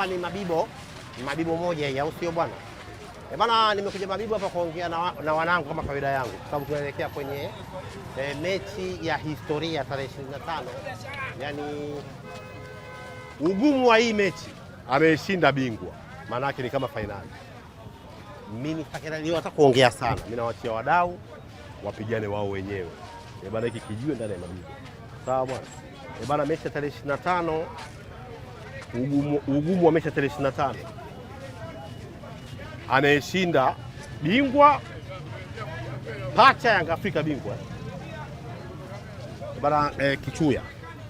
hapa ni Mabibo, Mabibo moja hii, au sio bwana? E eh, bana, nimekuja Mabibo hapa kuongea na, na wanangu kama kawaida yangu, kwa sababu tunaelekea kwenye e, mechi ya historia tarehe 25. Yaani ugumu wa hii mechi ameshinda bingwa, maana yake ni kama fainali. Mimi hata kuongea sana, mimi nawaachia wadau wapigane wao wenyewe. E eh, bana, hiki kijue ndani ya Mabibo, sawa bwana? E bana, mechi ya tarehe 25 ugumu, ugumu wa mechi 35 anayeshinda bingwa pacha Yanga Afrika bingwa bara eh, Kichuya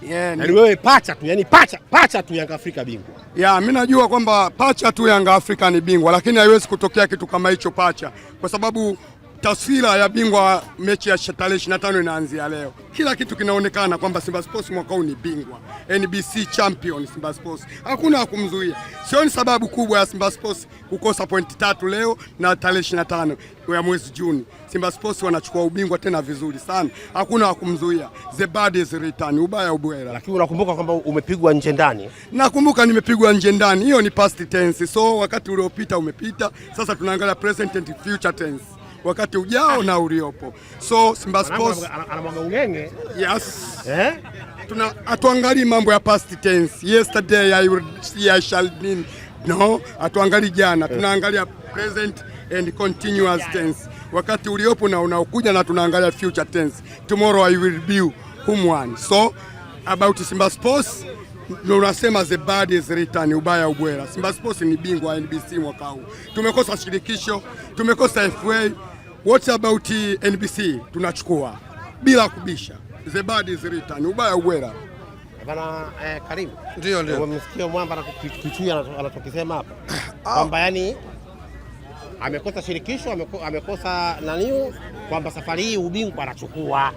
yeah, yaani wewe pacha tu yani pacha, pacha tu Yanga Afrika bingwa ya yeah, mi najua kwamba pacha tu Yanga Afrika ni bingwa, lakini haiwezi kutokea kitu kama hicho pacha, kwa sababu taswira ya bingwa mechi ya tarehe 25 inaanzia leo. Kila kitu kinaonekana kwamba Simba Sports mwaka huu ni bingwa NBC champion. Simba Sports hakuna wa kumzuia. Sioni sababu kubwa ya Simba Sports kukosa pointi tatu leo na tarehe 25 ya mwezi Juni. Simba Sports wanachukua ubingwa tena vizuri sana, hakuna wa kumzuia. The bad is return, ubaya ubwela. Lakini unakumbuka kwamba umepigwa nje ndani? Nakumbuka nimepigwa nje ndani, hiyo ni past tense, so wakati uliopita umepita. Sasa tunaangalia present and future tense wakati ujao na uliopo. So Simba Sports anamwaga ungenge. Yes. Eh? Tuna atuangalie mambo ya past tense. Yesterday I will I shall mean. No, atuangalie jana. Eh. Tunaangalia present and continuous tense. Wakati uliopo na unaokuja na tunaangalia future tense. Tomorrow I will be whom one. So about Simba Sports ndio unasema the bad is written, ubaya ubwela. Simba Sports ni bingwa NBC mwaka huu. Tumekosa shirikisho, tumekosa FA What about NBC? Tunachukua bila kubisha, the bad is written, ubaya uwera. Bana eh, Karim, ndio ndio umemsikia mwamba anakichui anachokisema hapa ah, ah. kwamba yani amekosa shirikisho, amekosa naniu, kwamba safari hii ubingwa anachukua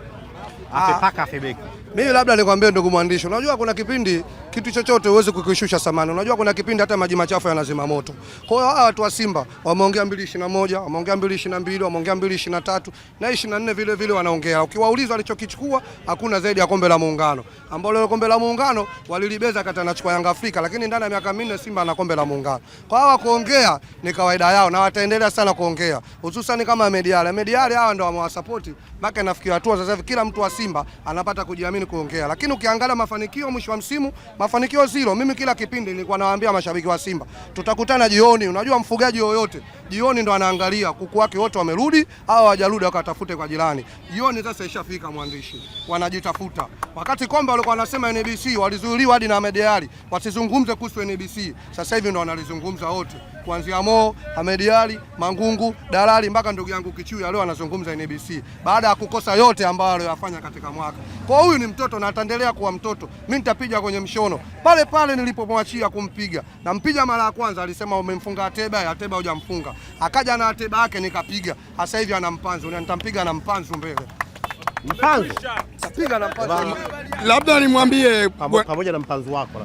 ah. afepaka afebeki mimi labda nikwambie ndugu mwandishi, unajua kuna kipindi kitu chochote huwezi kukishusha samani. Unajua kuna kipindi hata maji machafu yanazima moto. Kwa hiyo hawa watu wa Simba wameongea 221, wameongea 222, wameongea 223 na 24 vile vile wanaongea. Ukiwauliza walichokichukua hakuna zaidi ya kombe la muungano. Ambao ile kombe la muungano walilibeza kata na chukua Yanga Afrika, lakini ndani ya miaka minne Simba ana kombe la muungano. Kwa hawa kuongea ni kawaida yao na wataendelea sana kuongea. Hususan kama Mediale. Mediale hawa ndio wamewasapoti mpaka nafikia hatua sasa hivi kila mtu wa Simba anapata kujiamini nini kuongea, lakini ukiangalia mafanikio mwisho wa msimu, mafanikio zero. Mimi kila kipindi nilikuwa nawaambia mashabiki wa Simba tutakutana jioni. Unajua mfugaji yoyote jioni ndo anaangalia kuku wake wote wamerudi au hawajarudi, wakatafute kwa jirani. Jioni sasa ishafika, mwandishi wanajitafuta. Wakati kombe walikuwa wanasema NBC, walizuiliwa hadi na mediali wasizungumze kuhusu NBC, sasa hivi ndo wanalizungumza wote kuanzia Mo Hamedi Ali Mangungu Dalali mpaka ndugu yangu Kichuya leo anazungumza NBC baada ya kukosa yote ambayo aliyofanya katika mwaka. Kwa huyu ni mtoto na ataendelea kuwa mtoto. Mimi nitapiga kwenye mshono pale pale nilipomwachia kumpiga, nampiga mara ya kwanza, alisema umemfunga Ateba, Ateba hujamfunga. Akaja na Ateba yake nikapiga. Sasa hivi ana mpanzo, nitampiga na mpanzo mbele mpanzo tapiga na mpanzo. Labda nimwambie pamoja na mpanzo wako,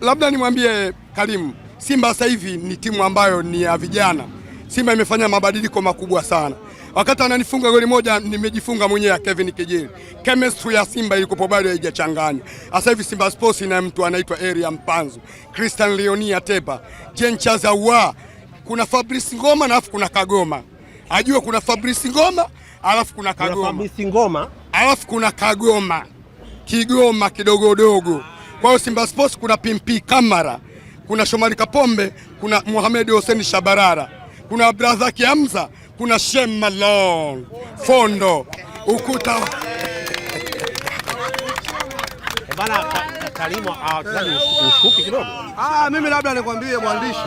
labda nimwambie Karimu Simba sasa hivi ni timu ambayo ni ya vijana. Simba imefanya mabadiliko makubwa sana. Wakati ananifunga goli moja nimejifunga mwenyewe ya Kevin Kijeli. Chemistry ya Simba ilikuwa bado haijachanganya. Sasa hivi Simba Sports ina mtu anaitwa Eria Mpanzu, Christian Leonia Teba, Jencha Zawa, kuna Fabrice Ngoma na alafu kuna Kagoma. Ajua kuna Fabrice Ngoma alafu kuna Kagoma. Kuna Fabrice Ngoma alafu kuna Kagoma. Kigoma kidogodogo. Kwa hiyo Simba Sports kuna Pimpi Kamara kuna Shomari Kapombe, kuna Mohamed Hussein Shabarara, kuna Abdrazaki Hamza, kuna Shem Malong Fondo ukuta eh, ah, ah, mimi labda nikwambie mwandishi,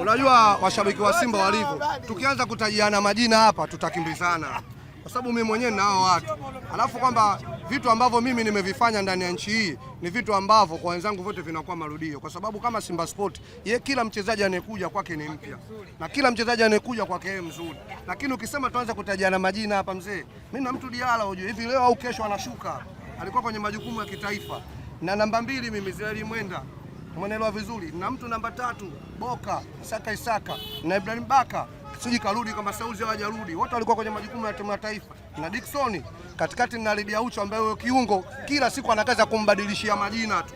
unajua washabiki wa Simba walivyo, tukianza kutajiana majina hapa tutakimbizana kwa sababu mimi mwenyewe na hao watu, alafu kwamba vitu ambavyo mimi nimevifanya ndani ya nchi hii ni vitu ambavyo kwa wenzangu vyote vinakuwa marudio, kwa sababu kama Simba Sport ye, kila mchezaji anayekuja kwake ni mpya na kila mchezaji anayekuja kwake yeye mzuri. Lakini ukisema tuanze kutajiana majina hapa, mzee, mimi na mtu Diala, hujue hivi leo au kesho anashuka, alikuwa kwenye majukumu ya kitaifa na namba mbili mimi Israeli Mwenda mwenelewa vizuri na mtu namba tatu Boka Saka Isaka na Ibrahim Baka siji karudi kama Sauzi hajarudi, wote walikuwa kwenye majukumu ya timu ya taifa. Na Dickson katikati na Lidia Ucho ambaye kiungo kila siku ana kazi ya kumbadilishia majina tu.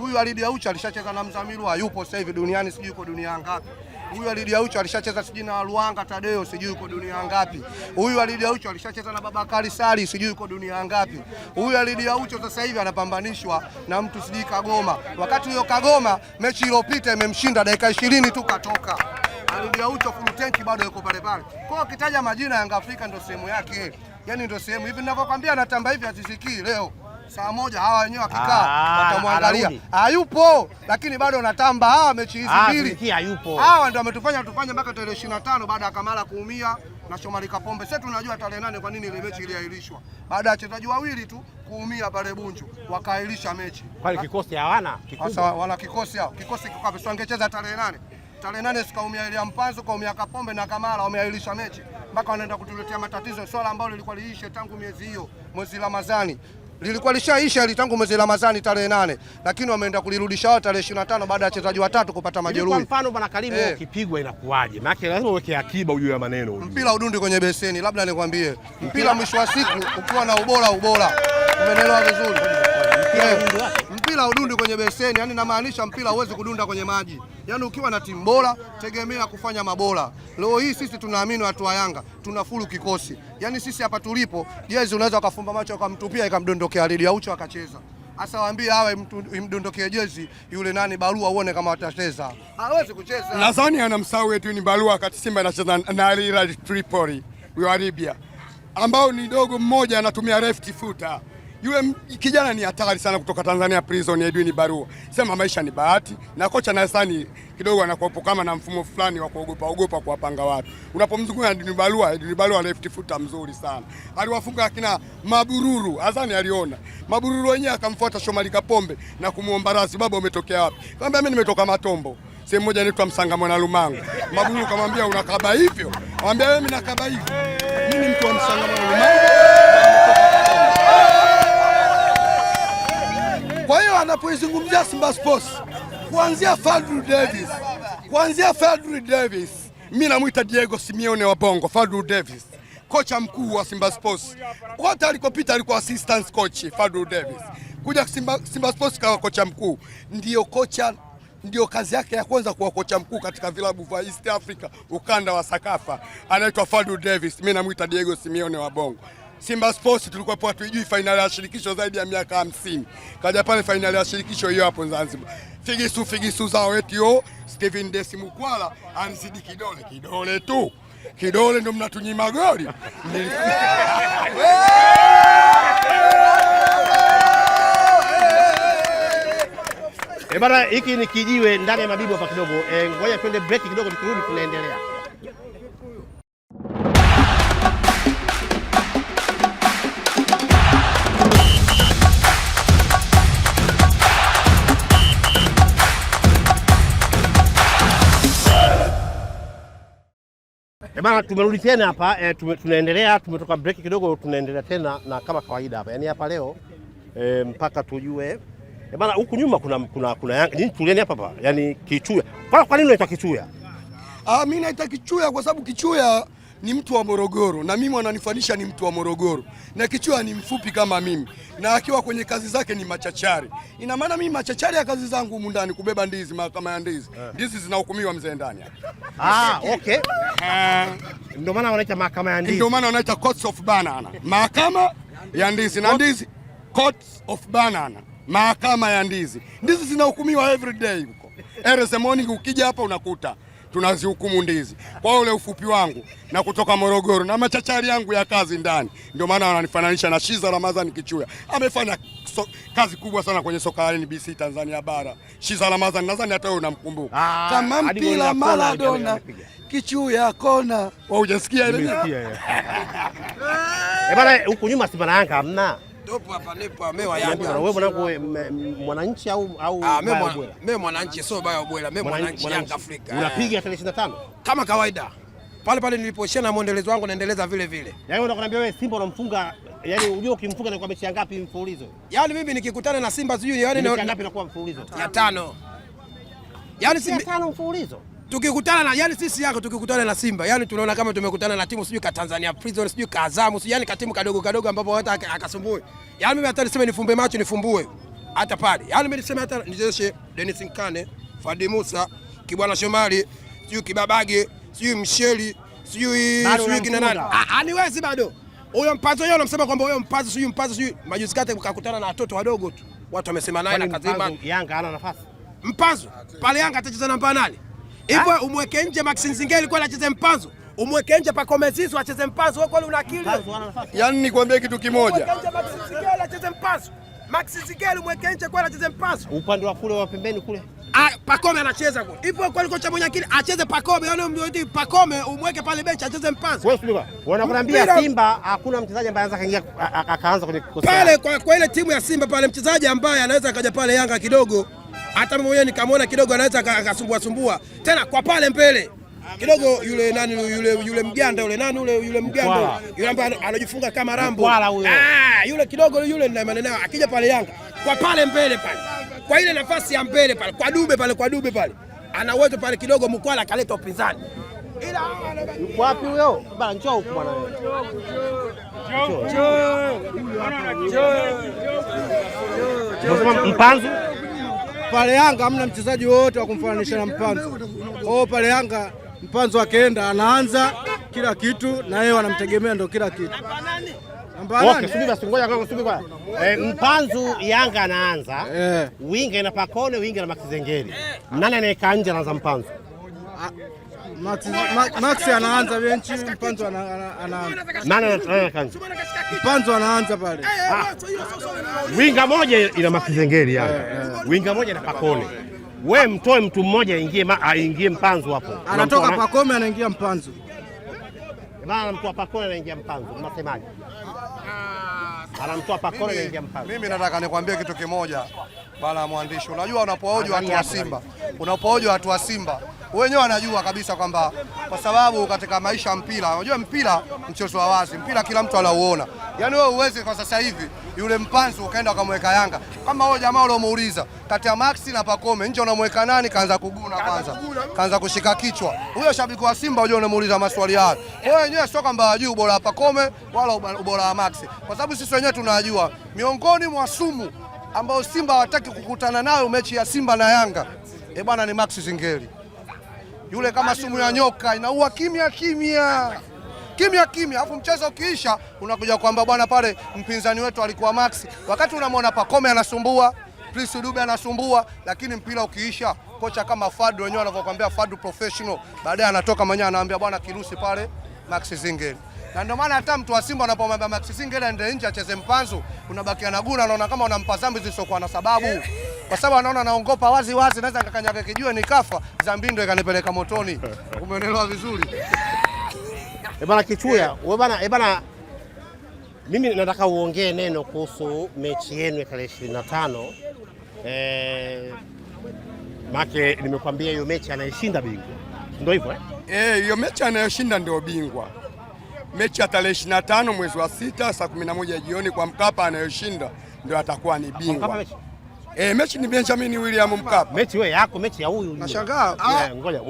Huyu Lidia Ucho alishacheza na Mzamiru, hayupo sasa hivi duniani, sijui yuko dunia ngapi. Huyu Alidi Ucho alishacheza sijui na Luanga Tadeo sijui yuko dunia ngapi. Huyu Alidi Ucho alishacheza na Baba Kali Sali sijui yuko dunia ngapi. Huyu Alidi Ucho sasa hivi anapambanishwa na mtu sijui Kagoma, wakati huyo Kagoma mechi iliyopita imemshinda dakika 20 tu katoka. Lidia Ucho Furutenki bado yuko pale pale. Kwa hiyo kitaja majina Yanga Afrika ndio sehemu yake. Yaani ndio sehemu hivi ninavyokwambia natamba hivi atisikii leo. Saa moja hawa wenyewe wakikaa ah, watamwangalia. Hayupo lakini bado anatamba hawa mechi hizi ah, mbili. Hayupo. Hawa ndio wametufanya tufanye mpaka tarehe 25 baada ya Kamala kuumia na Shomari Kapombe. Sasa tunajua tarehe nane kwa nini ile mechi iliahirishwa. Baada ya wachezaji wawili tu kuumia pale Bunju wakaahirisha mechi. Kwani kikosi hawana Kikosi Sasa wana kikosi hao. Kikosi kikapi sio angecheza tarehe nane tarehe nane sikaumia ile mpanzo kwa kaumia pombe na Kamara, wameahirisha mechi mpaka wanaenda kutuletea matatizo, swala ambalo lilikuwa liishe tangu miezi hiyo, mwezi Ramadhani lilikuwa lishaisha ili tangu mwezi Ramadhani tarehe nane, lakini wameenda kulirudisha wao tarehe ishirini tano baada ya wachezaji watatu kupata majeruhi. Kwa mfano bwana Karimu eh, ukipigwa inakuwaje? Maana lazima uweke akiba ujue ya maneno. Mpira udundi kwenye beseni, labda nikwambie, mpira mwisho wa siku ukiwa na ubora ubora, umeelewa vizuri eh, mpira udundi kwenye beseni, yani namaanisha mpira uwezi kudunda kwenye maji Yaani ukiwa na timu bora tegemea kufanya mabora. Leo hii sisi tunaamini watu wa Yanga tuna kikosi, yaani sisi hapa tulipo, jezi unaweza ukafumba macho ukamtupia ikamdondokea Lili Aucho akacheza. Asa waambie mtu imdondokee jezi yule nani barua, uone kama atacheza Hawezi kucheza, nadhani anamsahau eti ni barua, wakati Simba anacheza na Al Hilal Tripoli wa libya ambao ni dogo mmoja anatumia left footer yule kijana ni hatari sana kutoka Tanzania Prison, Edwin Barua. Sema maisha ni bahati, na kocha nadhani kidogo anakuwepo kama na mfumo fulani wa kuogopa ogopa kuwapanga watu. Unapomzunguka Edwin Barua, Edwin Barua left footer mzuri sana, aliwafunga akina Mabururu, Azani aliona Mabururu wenyewe akamfuata Shomari Kapombe na kumuomba rasi, baba umetokea wapi? Kaambia mimi nimetoka Matombo sehemu moja inaitwa Msanga Mwana Lumangu. Mabururu kamwambia unakaba hivyo, kamwambia mimi nakaba hivyo, mimi ni mtu wa Msanga Mwana Lumangu Kwa hiyo anapoizungumzia Simba Sports kuanzia Fadlu Davis, kuanzia Fadlu Davis, mimi namwita Diego Simeone wa Bongo, Fadlu Davis kocha mkuu wa Simba Sports, wote alikopita alikuwa assistant coach Fadlu Davis, kuja Simba, Simba Sports kawa kocha mkuu, ndio kocha ndio kazi yake ya kwanza kuwa kocha mkuu katika vilabu vya East Africa, ukanda wa Sakafa, anaitwa Fadlu Davis. Mimi namuita Diego Simeone wa Bongo. Simba Sports tulikuwa hapo hatujui fainali ya shirikisho zaidi ya miaka 50. Kaja pale fainali ya shirikisho hiyo hapo Zanzibar. Figisu figisu zao eti yo oh, Steven Desi Mukwala kidole kidole tu. Kidole ndio mnatunyima goli. Eh, bana hiki ni kijiwe ndani ya mabibi hapa kidogo. Eh, ngoja twende break kidogo tukirudi tunaendelea. Bana, tumerudi tena hapa e, tume, tunaendelea tumetoka break kidogo, tunaendelea tena na kama kawaida hapa yani hapa leo e, mpaka tujue e, eh, bana, huku nyuma kuna kuna kuna Yanga nini, tulieni hapa hapa yani Kichuya. Kwa, kwa nini unaitwa Kichuya? Ah, mimi naita Kichuya kwa sababu Kichuya ni mtu wa Morogoro na mimi wananifanisha ni mtu wa Morogoro, na kichwa ni mfupi kama mimi, na akiwa kwenye kazi zake ni machachari. Ina maana mimi machachari ya kazi zangu humu ndani, kubeba ndizi, mahakama ya ndizi, eh. ndizi zinahukumiwa mzee ndani hapa. Ah, okay. Eh. Ndio maana wanaita mahakama ya ndizi, ndio maana wanaita courts of banana, mahakama ya ndizi na ndizi, courts of banana, mahakama ya ndizi. Ndizi zinahukumiwa every day huko. Every morning ukija hapa unakuta tunazihukumu ndizi. Kwa ule ufupi wangu na kutoka Morogoro na machachari yangu ya kazi ndani, ndio maana wananifananisha na Shiza Ramadhani Kichuya. Amefanya so, kazi kubwa sana kwenye soka la NBC Tanzania bara. Shiza Ramadhani nadhani hata wewe unamkumbuka ah, kama mpira Maradona Kichuya kona. Wewe hujasikia ile? Eh, bana huko nyuma Simba na Yanga hamna Dopo hapa nipo amewa Yanga. wewe mwanangu mwananchi au au ah, mimi mwananchi sio baya bwela, mimi mwananchi Yanga Afrika. Unapiga eh. tarehe Kama kawaida. Pale pale nilipoishia na mwendelezo wangu naendeleza vile vile. Yaani unakwambia wewe Simba unamfunga yaani unajua ukimfunga ni kwa mechi ngapi mfululizo? Yaani mimi nikikutana na Simba sijui yaani ni ngapi inakuwa mfululizo? Ya tano. Yaani Simba tano mfululizo tukikutana na yani sisi yako tukikutana na Simba yani tunaona kama tumekutana na timu sijui ka Tanzania Prison sijui ka Azamu sijui yani katimu kadogo kadogo ambapo hata akasumbue. Yani mimi hata niseme nifumbe macho nifumbue hata pale. Yani mimi niseme hata nijeshe Dennis Nkane, Fadi Musa, Kibwana Shomari, sijui Kibabage, sijui Msheli, sijui sijui kina nani. Ah, ah, haniwezi bado. Huyo mpazo yeye anamsema kwamba huyo mpazo sijui mpazo sijui majuzi kati kukakutana na watoto wadogo tu. Watu wamesema naye na kazima. Yanga ana nafasi. Mpazo pale Yanga atacheza namba nane. Hivyo umweke nje Maxi Nzingeli alikuwa anacheza mpanzo. Umweke nje pa Komezizo acheze mpanzo. Wewe kwani una akili? Yaani nikwambie kitu kimoja. Umweke nje Nzingeli umweke nje kwa anacheze mpanzo. Upande wa kule wa pembeni kule. Ah, Pakome anacheza kule. Hivyo kwa kocha mwenye akili acheze Pakome. Yaani umweke Pakome umweke pale benchi acheze mpanzo. Wewe subiri. Wanakuambia Simba hakuna mchezaji ambaye anaweza kaingia akaanza kwenye kikosi. Pale kwa, kwa ile timu ya Simba pale mchezaji ambaye anaweza akaja pale Yanga kidogo hata mimi mwenyewe nikamwona kidogo anaweza akasumbua sumbua tena kwa pale mbele kidogo yule nani yule yule mganda yule nani yule yule mganda yule ambaye anajifunga kama Rambo ah, yule kidogo yule ndio maneno yake akija pale Yanga kwa pale mbele pale kwa ile nafasi ya mbele pale kwa dube pale kwa dube pale ana uwezo pale kidogo, mkwala akaleta upinzani. Ila yuko wapi huyo bana? Njoo huko bwana wewe, njoo njoo, mpanzu pale Yanga hamna mchezaji wote wa kumfananisha na Mpanzo. hiyo oh, pale Yanga Mpanzo akienda anaanza kila kitu na yeye wanamtegemea ndo kila kitu. Eh, Mpanzu Yanga anaanza eh, winga na Pakone winga na Maxi Zengeli, nani anayekaa nje anaanza Mpanzu? Ah, Max anaanza benchi, Mpanzo anaanza. Mpanzo anaanza pale. Winga moja ina Max Zengeli eh, eh. Winga moja na Pakone. We mtoe mtu mmoja aingie aingie Mpanzo hapo. Anatoka Pakome anaingia Mpanzo. Anamtoa Pakone anaingia Mpanzo. Mnasemaje? Anamtoa Pakone anaingia Mpanzo. Ah. Mimi nataka nikwambie kitu kimoja bana mwandishi, unajua unapoojwa watu wa Simba, unapoojwa watu wa Simba wenyewe wanajua kabisa kwamba kwa sababu katika maisha ya mpira, unajua mpira mchezo wa wazi, mpira kila mtu anauona. Yaani wewe uweze kwa sasa hivi yule mpanzu ukaenda ukamweka Yanga kama wewe jamaa uliomuuliza kati ya Maxi na Pakome nje, unamweka nani? Kaanza kuguna kwanza, kaanza kushika kichwa. Huyo shabiki wa Simba unajua unamuuliza maswali hayo. Wewe wenyewe sio kwamba wajui ubora wa Pakome wala ubora wa Maxi, kwa sababu sisi wenyewe tunajua miongoni mwa sumu ambao Simba hawataki kukutana nayo mechi ya Simba na Yanga, eh bwana, ni Max Zingeli yule, kama sumu ya nyoka inaua kimya kimya kimya kimya, alafu mchezo ukiisha unakuja kwamba bwana, pale mpinzani wetu alikuwa Max. Wakati unamwona Pakome anasumbua, Prince Dube anasumbua, lakini mpira ukiisha, kocha kama Fadu wenyewe anavyokuambia, Fadu professional, baadaye anatoka mwenyewe anaambia bwana, kirusi pale Max Zingeli na ndio maana hata mtu wa Simba anapomwambia Max Singa ila nje acheze mpanzu, unabakia na guna, unaona kama unampa dhambi zisizokuwa na sababu, kwa sababu anaona anaongopa wazi wazi, naweza nikakanyaga kijua kafa zambi, ndio ikanipeleka motoni. umeonelewa vizuri eh bana Kichuya? Wewe bana eh bana, mimi nataka uongee neno kuhusu mechi yenu ya tarehe 25 eh make, nimekwambia hiyo mechi anayeshinda bingwa, ndio hivyo eh? Eh, hiyo mechi anayoshinda ndio bingwa mechi ya tarehe 25 mwezi wa sita saa 11 jioni kwa Mkapa, anayoshinda ndio atakuwa ni bingwa. Eh, mechi ni Benjamin William Mkapa. Mechi wewe yako, mechi ya huyu. Nashangaa. Eh, ngoja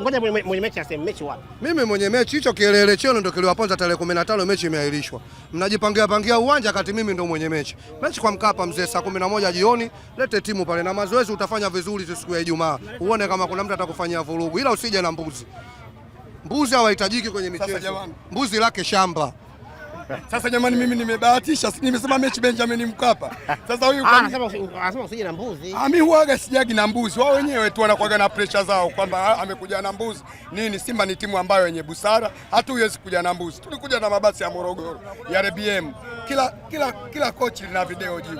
ngoja mwenye mechi aseme mechi wapi? Mimi mwenye mechi hicho kielele chenu ndio kiliwaponza tarehe 15 mechi imeahirishwa. Mnajipangia pangia uwanja kati mimi ndio mwenye mechi. Mechi kwa Mkapa mzee saa 11 jioni, lete timu pale na mazoezi utafanya vizuri siku ya Ijumaa. Uone kama kuna mtu atakufanyia vurugu ila usije na mbuzi. Mbuzi hawahitajiki kwenye michezo, mbuzi lake shamba. Sasa jamani, mimi nimebahatisha, nimesema mechi Benjamin Mkapa. Sasa huyu anasema ah, usije na mbuzi. Ah, mimi huaga sijagi na mbuzi, wao wenyewe tu wanakuaga na pressure zao kwamba ah, amekuja na mbuzi nini. Simba ni timu ambayo yenye busara, hata huwezi kuja na mbuzi. Tulikuja na mabasi ya Morogoro ya RBM, kila kila kila kochi lina video juu.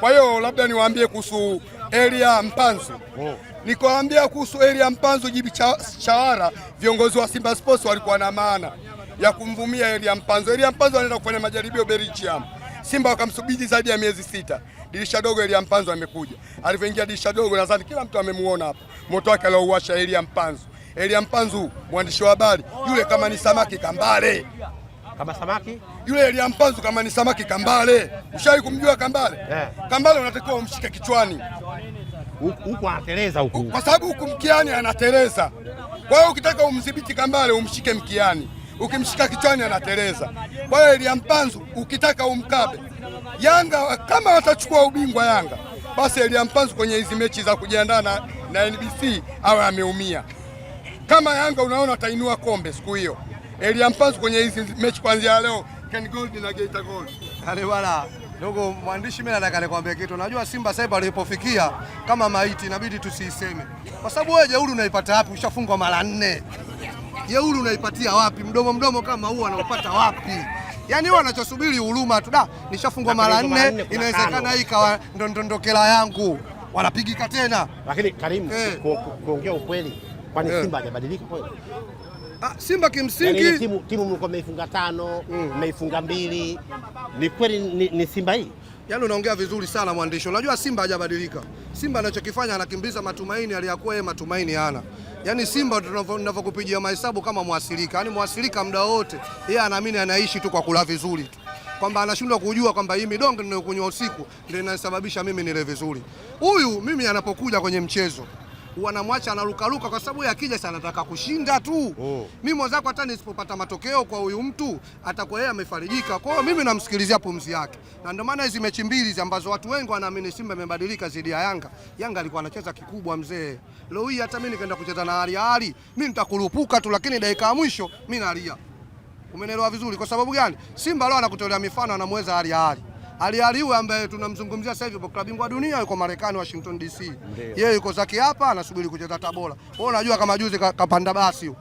Kwa hiyo labda niwaambie kuhusu Elia Mpanzu oh nikawaambia kuhusu Elia Mpanzu Jibi Chawara, viongozi wa Simba Sports walikuwa na maana ya kumvumia Elia Mpanzu. Elia Mpanzu anaenda kufanya majaribio Belgium. Simba wakamsubiri zaidi ya miezi sita. Dirisha dogo Elia Mpanzu amekuja. Alivyoingia dirisha dogo, nadhani kila mtu amemuona hapa, moto wake aliouasha Elia Mpanzu. Elia Mpanzu, mwandishi wa habari yule, kama ni samaki kambale, kama samaki yule Elia Mpanzu, kama ni samaki kambale. Ushawahi kumjua kambale? Yeah. Kambale unatakiwa umshike kichwani huku anateleza huku, kwa sababu huku mkiani anateleza. Kwa hiyo ukitaka umdhibiti Kambale umshike mkiani, ukimshika kichwani anateleza. Kwa hiyo Elia Mpanzu ukitaka umkabe Yanga, kama watachukua ubingwa Yanga, basi Elia Mpanzu kwenye hizi mechi za kujiandaa na, na NBC awe ameumia. Kama Yanga unaona atainua kombe siku hiyo, Elia Mpanzu kwenye hizi mechi kuanzia leo, Ken Gold na Geita Gold. Ale wala Ndugu mwandishi, mimi nataka nikwambie kitu. Najua Simba sasa hivi alipofikia kama maiti, inabidi tusiiseme, kwa sababu wewe jeuri unaipata wapi? Ushafungwa mara nne, jeuri unaipatia wapi? Mdomo mdomo kama huu anaopata wapi? Yaani wewe anachosubiri huruma tu. Da, nishafungwa mara nne, inawezekana hii kawa ndondondokela yangu, wanapigika tena. Lakini Karim, eh. kuongea ukweli, kwani eh. Simba hajabadilika kweli? Ah, Simba kimsingi yani, timu, timu mlikuwa mmeifunga tano mm. mmeifunga mm. mbili ni kweli ni, ni Simba hii Yaani unaongea vizuri sana mwandishi. Unajua Simba hajabadilika. Simba anachokifanya anakimbiza matumaini aliyakuwa yeye matumaini hana. Yaani Simba tunavyokupigia mahesabu kama mwasilika. Yaani mwasilika muda wote yeye anaamini anaishi tu kwa kula vizuri tu. Kwamba anashindwa kujua kwamba hii midonge ninayokunywa usiku ndio inasababisha mimi nile vizuri. Huyu mimi anapokuja kwenye mchezo wanamwacha anarukaruka, kwa sababu akija sana anataka kushinda tu oh. Mimi mwenzako hata nisipopata matokeo kwa huyu mtu atakuwa yeye amefarijika. Kwa hiyo mimi namsikilizia pumzi yake, na ndio maana hizi mechi mbili ambazo watu wengi wanaamini Simba imebadilika zidi ya Yanga, Yanga alikuwa anacheza kikubwa mzee. Leo hii hata mimi nikaenda kucheza na hali hali, mimi nitakurupuka tu, lakini dakika ya mwisho mimi nalia. Umenelewa vizuri? Kwa sababu gani? Simba leo anakutolea mifano, anamweza hali hali ali ambaye tunamzungumzia sasa hivi kwa bingwa dunia yuko Marekani Washington DC. Yeye yuko zake hapa anasubiri kucheza Tabora. Wewe unajua kama juzi kapanda basi huyo.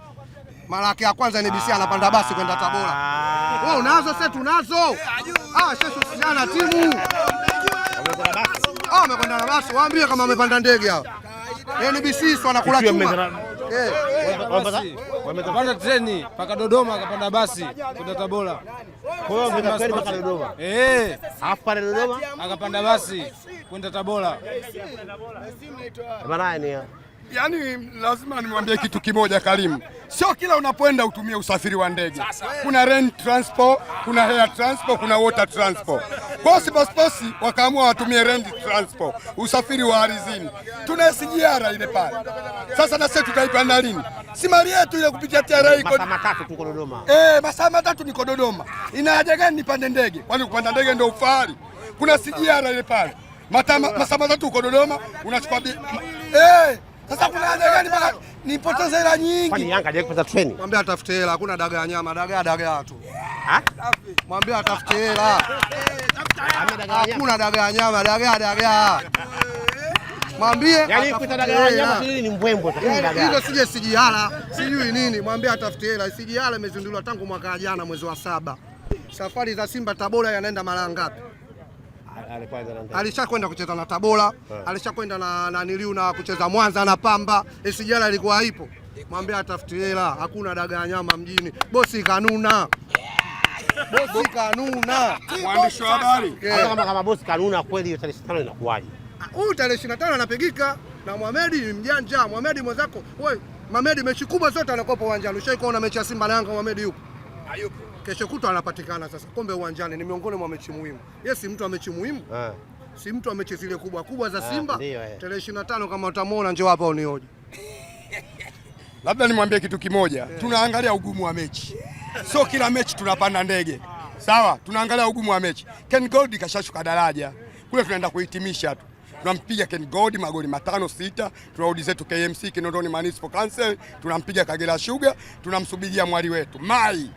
Mara yake ya kwanza NBC ah. anapanda basi kwenda Tabora. Wewe unazo sasa tunazo. Ah, sasa sijana timu. Amekwenda ah, na basi. Waambie kama amepanda ndege hao. NBC sio anakula chuma. Wamepanda treni mpaka eh. Dodoma, akapanda basi kwenda Tabora, akapanda basi kwenda Tabora. Yaani, lazima nimwambie kitu kimoja Karimu, sio kila unapoenda utumie usafiri wa ndege. Kuna rent transport, kuna air transport, kuna water transport. Kwa hiyo siposiposi wakaamua watumie land transport, usafiri wa ardhini. Tuna SGR ile pale sasa, na sisi tutaipanda lini? Si mali yetu ile kupitia TRA iko masaa matatu tuko Dodoma. Eh, masaa matatu niko Dodoma, ina haja gani nipande ndege? Kwani kupanda ndege ndio ufahari? Kuna SGR ile pale masaa matatu uko Dodoma, unachukua eh, sasa kuna haja gani mpaka Nipoteze hela nyingi. Kwani Yanga hajawahi kupata treni? Mwambie atafute hela, hakuna daga ya nyama, dagaa ya tu. Ha? Mwambie atafute hela. Eh, hakuna dagaa ya nyama, dagaa dagaa. Mwambie ya nyama ni sije sijihala sijui nini. Mwambie atafute hela. sijihala imezinduliwa tangu mwaka jana mwezi wa saba. Safari za Simba Tabora yanaenda mara ngapi? alishakwenda kucheza na Tabora yeah. alishakwenda na, na niliu na kucheza Mwanza na Pamba. Isijala alikuwa haipo, mwambie atafuti hela, hakuna daga ya nyama mjini. Bosi kanuna bosi kanuna, mwandishi wa habari eh. kama kama bosi kanuna kweli, hiyo tarehe 25 inakuwaje? Ah, Huyu tarehe 25 anapigika na Mohamed ni mjanja. Mohamed mwenzako wewe, Mohamed mechi kubwa zote anakopa uwanjani. Ushaikuona mechi ya Simba na Yanga, Mohamed yupo hayupo? kesho kutwa anapatikana sasa kombe uwanjani, ni miongoni mwa mechi muhimu. Yeye si mtu wa mechi muhimu eh? si mtu wa mechi zile kubwa kubwa za eh, Simba eh. tarehe ishirini na tano kama utamwona, njoo hapa unioje. Labda nimwambie kitu kimoja eh, Tunaangalia ugumu wa mechi, sio kila mechi tunapanda ndege sawa. Tunaangalia ugumu wa mechi. Ken Gold kashashuka daraja kule, tunaenda kuhitimisha tu tunampiga Ken Gold magoli matano sita, tunarudi zetu KMC Kinondoni Municipal Council, tunampiga Kagera Sugar, tunamsubiria mwali wetu Mai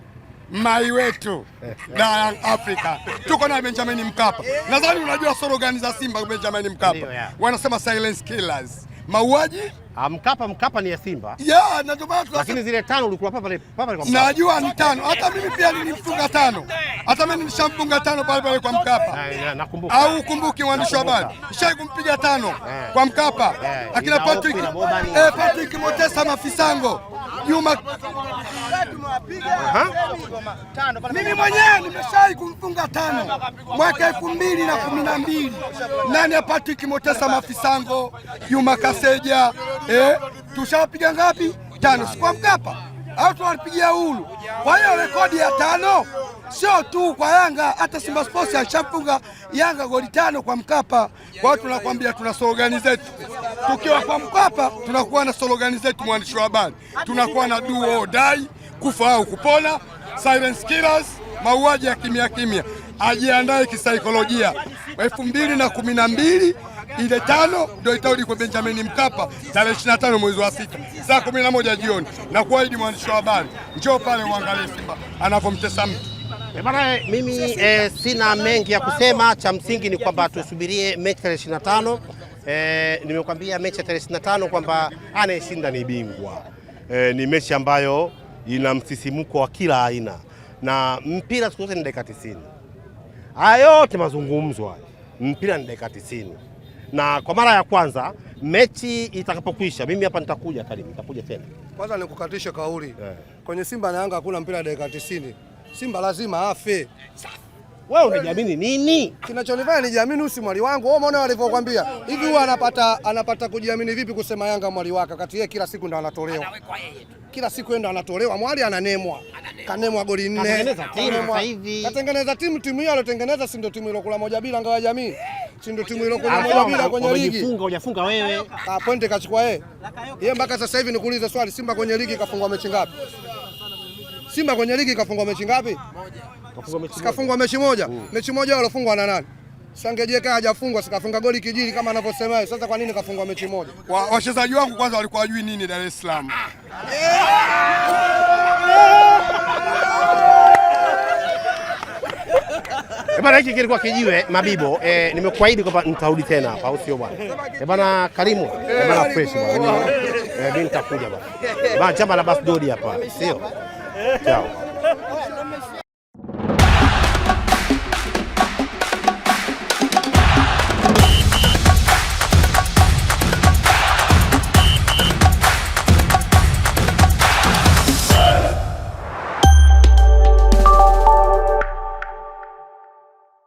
mai wetu na Young Africa tuko na Benjamin Mkapa. Nadhani unajua slogan za Simba Benjamin Mkapa, wanasema silence killers, mauaji ah, Mkapa. Mkapa ni ya Simba Yeah, na ndio maana tunasema. lakini zile tano ulikula pale pale kwa Mkapa. Najua ni tano, hata mimi pia nilimfunga tano, hata mimi nilishamfunga tano pale pale kwa Mkapa. Nakumbuka au ukumbuki mwandishi wa habari, shai kumpiga tano eh. kwa Mkapa eh. akina Patrick, eh, Patrick Motesa mafisango Juma mimi mwenyewe nimeshai kumfunga tano mwaka elfu mbili na kumi na mbili nani ya Patrick Motesa Mafisango Juma Kaseja eh, tushawapiga ngapi? Tano, sikuwa Mkapa au tuwalipigia hulu Kwa hiyo rekodi ya tano sio tu kwa Yanga, hata Simba Sports alishafunga Yanga goli tano kwa Mkapa. Kwa hiyo tunakwambia tuna slogani zetu, tukiwa kwa Mkapa tunakuwa na slogani zetu, mwandishi wa habari, tunakuwa na duo dai, kufa au kupona, silence killers, mauaji ya kimya kimya. Ajiandae kisaikolojia. elfu mbili na kumi na mbili ile tano ndio itarudi kwa Benjamin Mkapa tarehe 25 mwezi wa sita saa 11 jioni, na kuahidi mwandishi wa habari, njoo pale uangalie Simba anavyomtesa mtu. Eh, eh, mimi e, sina mengi ya kusema. Cha msingi ni kwamba tusubirie mechi tarehe 25. Eh, nimekwambia mechi ya tarehe 25 kwamba anayeshinda ni bingwa. E, ni mechi ambayo ina msisimuko wa kila aina na mpira siku zote ni dakika 90. Haya yote mazungumzo haya, mpira ni dakika 90, na kwa mara ya kwanza mechi itakapokwisha, mimi hapa nitakuja, Karim, nitakuja tena. Kwanza nikukatishe kauli, yeah. Kwenye Simba na Yanga hakuna mpira dakika 90. Simba lazima afe. Wewe unajiamini nini? Kinachonifanya nijiamini usi mwali wangu. Wewe umeona walivyokuambia. Hivi huwa anapata anapata kujiamini vipi kusema Yanga mwali wake wakati yeye kila siku ndo anatolewa. Kila siku ndo anatolewa. Mwali ananemwa. Kanemwa goli nne. Katengeneza timu hivi. Katengeneza timu timu hiyo alotengeneza si ndo timu ile kula moja bila ngawa jamii. Si ndo timu ile kula moja bila kwenye ligi. Unajifunga unajifunga wewe. Ah, pointi kachukua yeye. Yeye mpaka sasa hivi nikuulize swali Simba kwenye ligi kafungwa mechi ngapi? Simba kwenye ligi kafungwa mechi ngapi? Moja. Sikafungwa mechi moja. Mechi moja mm. alofungwa na nani? Sangejeka hajafungwa sikafunga goli kijili kama anavyosema. Sasa kwa nini kafungwa mechi moja? Wachezaji wangu kwanza walikuwa wajui nini Dar es Salaam. Eh, bana, hiki kilikuwa kijiwe mabibo. Eh, nimekuahidi kwamba nitarudi tena hapa, au sio bwana? Eh bana, Karimu eh, bana, fresh bwana, eh, mimi nitakuja bwana, chama la basdodi hapa, sio Tchau.